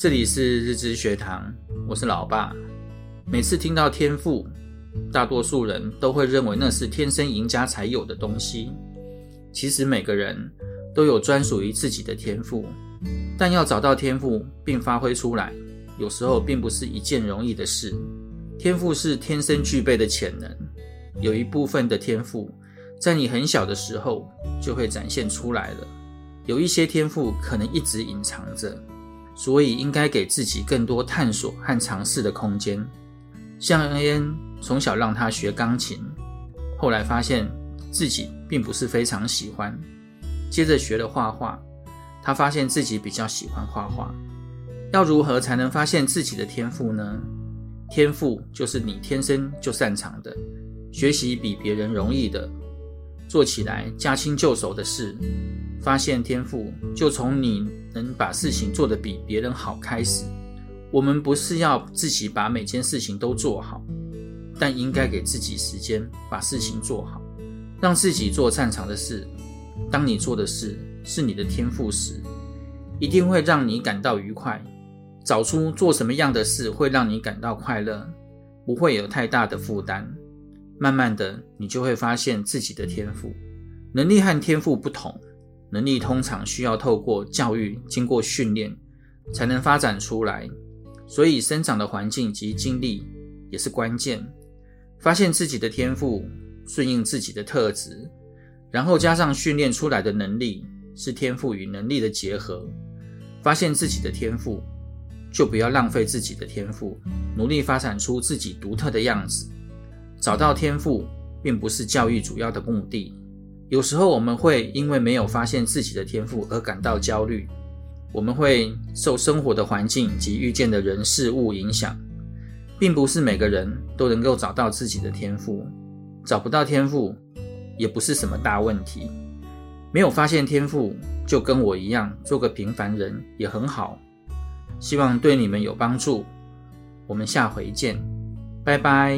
這裡是日之學堂，我是老爸。每次聽到天賦，大多數人都會認為那是天生贏家才有的東西。其實每個人都有專屬於自己的天賦，但要找到天賦並發揮出來，有時候並不是一件容易的事。天賦是天生具備的潛能，有一部分的天賦在你很小的時候就會展現出來了，有一些天賦可能一直隱藏着。所以應該給自己更多探索和嘗試的空間。像安，從小讓他學鋼琴，後來發現自己並不是非常喜歡。接着學了畫畫，他發現自己比較喜歡畫畫。要如何才能發現自己的天賦呢？天賦就是你天生就擅長的，學習比別人容易的，做起來駕輕就熟的事。發現天賦就從你。能把事情做得比別人好，開始。我們不是要自己把每件事情都做好，但應該給自己時間把事情做好，讓自己做擅長的事。當你做的事是你的天賦時，一定會讓你感到愉快。找出做什麼樣的事會讓你感到快樂，不會有太大的負擔。慢慢的，你就會發現自己的天賦。能力和天賦不同。能力通常需要透過教育、經過訓練才能發展出來，所以生長的環境及經歷也是關鍵。發現自己的天賦，順應自己的特質，然後加上訓練出來的能力，是天賦與能力的結合。發現自己的天賦，就不要浪費自己的天賦，努力發展出自己獨特的樣子。找到天賦，並不是教育主要的目的。有時候我們會因為沒有發現自己的天賦而感到焦慮，我們會受生活的環境及遇見的人事物影響，並不是每個人都能夠找到自己的天賦，找不到天賦也不是什麼大問題，沒有發現天賦就跟我一樣做個平凡人也很好，希望對你們有幫助，我們下回見，拜拜。